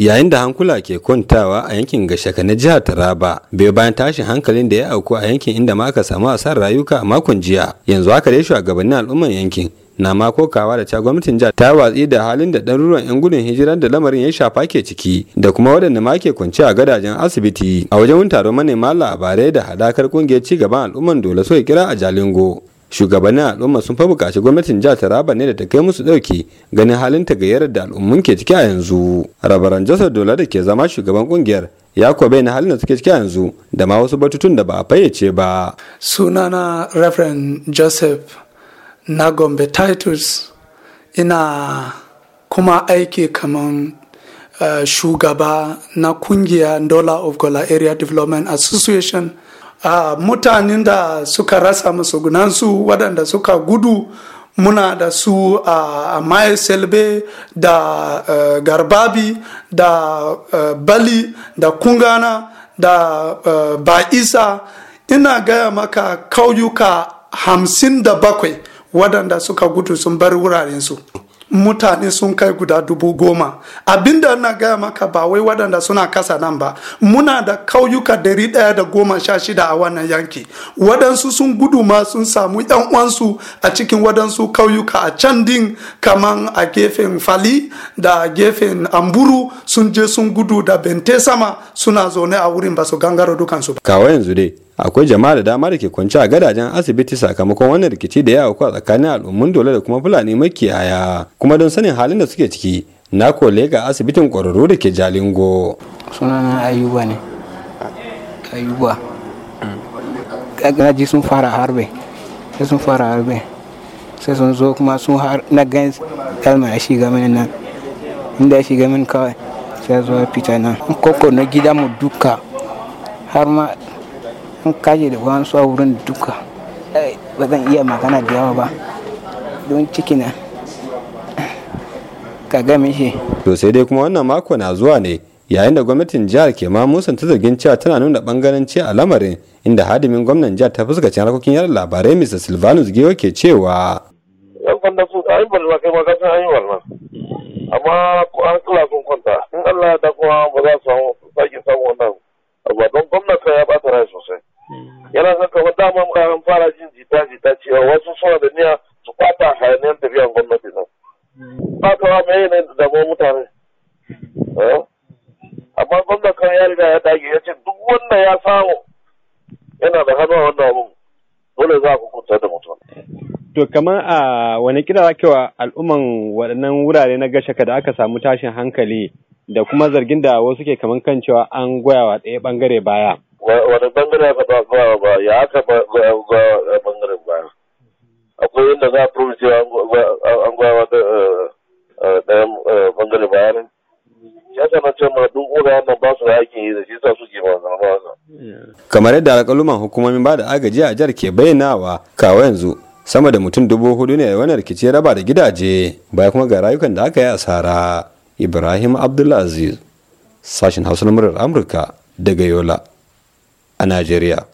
yayin da hankula ke kwantawa a yankin gashaka na jihar taraba bai bayan tashin hankalin da ya auku a yankin inda ma aka samu asar rayuka a makon jiya yanzu haka dai shugabannin al'umman yankin na ma kokawa da ta gwamnatin jihar ta watsi da halin da ɗaruruwan 'yan gudun hijirar da lamarin ya shafa ke ciki da kuma waɗanda ma ke kwance a gadajen asibiti a wajen taron manema labarai da hadakar ƙungiyar ci gaban al'umman dole so kira a jalingo shugabannin al'umma sun fa buƙaci gwamnatin jihar taraba ne da ta kai musu ɗauki ganin halin ta gayar da al'ummun ke ciki a yanzu rabaran jasar dola da ke zama shugaban ƙungiyar ya kuwa bayyana halin da suke ciki a yanzu da ma wasu batutun da ba a fayyace ba sunana reverend joseph nagombe titus ina kuma aiki kaman eh, shugaba na kungiya dollar of gola area development association a mutanen da suka rasa musugunansu waɗanda suka gudu muna da su a maye selbe da e, garbabi da e, bali da kungana da e, ba'isa ina gaya maka kauyuka hamsin da bakwai waɗanda suka gudu sun bar wurarensu mutane sun kai guda dubu goma abinda na gaya maka ba wai waɗanda suna kasa nan ba muna da kauyuka dari ɗaya da goma sha shida a wannan yanki waɗansu sun gudu ma sun samu yan uwansu a cikin wadansu kauyuka a can din kaman a gefen fali da gefen amburu sun je sun gudu da bente sama suna zaune a wurin ba su gangaro dukansu ba yanzu dai akwai jama'a da dama da ke kwance a gadajen asibiti sakamakon wannan rikici da ya auku a tsakanin al'ummun dole da kuma fulani makiyaya kuma don sanin halin da suke ciki na kole ga asibitin kwararru da ke jalingo sunana ayuba ne ayuba gaji sun fara harbe sai sun fara harbe sai sun zo kuma sun har na gan kalma ya shiga mini nan inda ya shiga mini kawai sai zo fita nan koko na gida mu duka har ma Kun kaje da wasu a wurin duka ba zan iya magana da yawa ba don ciki na ka game shi to sai dai kuma wannan mako na zuwa ne yayin da gwamnatin jihar ke ma musanta zargin cewa tana nuna bangaranci a lamarin inda hadimin gwamnan jihar ta fuskacin harkokin yada labarai mr silvanus giyo ke cewa yan banda su ta yi balma kai ma kasan an yi wannan amma an kula sun kwanta in allah ya da kuma ba za su sake samu wannan abu don gwamnati ya ma mai ne da mu mutane amma gwamnan kan ya riga ya dage ya ce duk wanda ya samu yana da hannu a wannan abun dole za ku kunta da mutum to kamar a wani kira za wa al'umman waɗannan wurare na gashaka da aka samu tashin hankali da kuma zargin da wasu ke kamar kan cewa an goya wa ɗaya ɓangare baya wani bangare aka ba goya ba ya aka ba bangaren baya akwai inda za a furu cewa an goya wa duk ba su kamar yadda alƙaluman hukumomin ba da agaji a jihar ke bayyanawa kawo yanzu sama da mutum dubu hudu ne wani rikici ya raba da gidaje baya kuma ga rayukan da aka yi asara ibrahim abdulaziz sashen hausa na murar amurka daga yola a najeriya